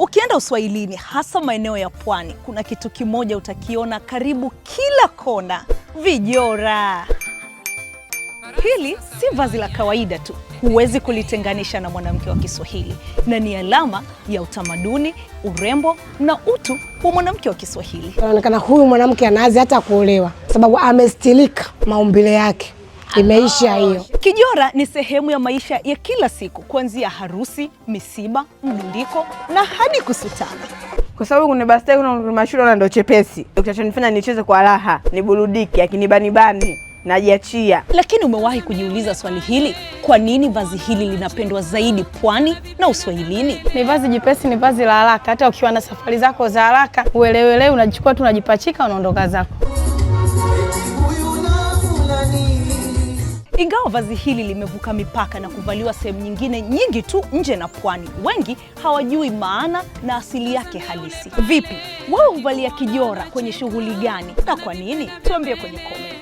Ukienda Uswahilini, hasa maeneo ya pwani, kuna kitu kimoja utakiona karibu kila kona: vijora. Hili si vazi la kawaida tu, huwezi kulitenganisha na mwanamke wa Kiswahili, na ni alama ya utamaduni, urembo na utu wa mwanamke wa Kiswahili. Anaonekana huyu mwanamke anaazi hata kuolewa, sababu amestilika maumbile yake. Imeisha hiyo. Kijora ni sehemu ya maisha ya kila siku, kuanzia harusi, misiba, mdundiko na hadi kusutana. Kwa sababu kuna basta, kuna mashuda na ndo chepesi, kitachonifanya nicheze kwa raha, niburudike, akinibanibani najiachia. Lakini umewahi kujiuliza swali hili, kwa nini vazi hili linapendwa zaidi pwani na Uswahilini? Ni vazi jipesi, ni vazi la haraka. Hata ukiwa na safari zako za haraka, uelewelewe, unajikua tu, unajipachika, unaondoka zako. Ingawa vazi hili limevuka mipaka na kuvaliwa sehemu nyingine nyingi tu nje na pwani, wengi hawajui maana na asili yake halisi. Vipi, wewe huvalia kijora kwenye shughuli gani na kwa nini? Tuambie kwenye comment.